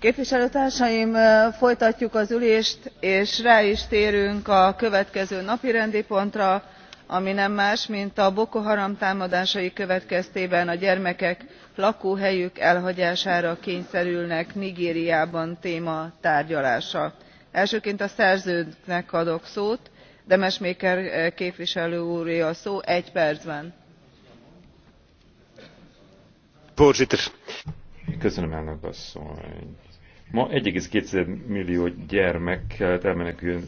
képviselőtársaim folytatjuk az ülést és rá is térünk a következő napirendi pontra ami nem más mint a boko haram támadásai következtében a gyermekek lakóhelyük elhagyására kényszerülnek nigériában téma tárgyalása. elsőként a szerzőnek adok szót demesmaeker képviselő úré a szó egy percben. Köszönöm, elnök asszony. Ma 1,2 millió gyermek kellett elmeneküljön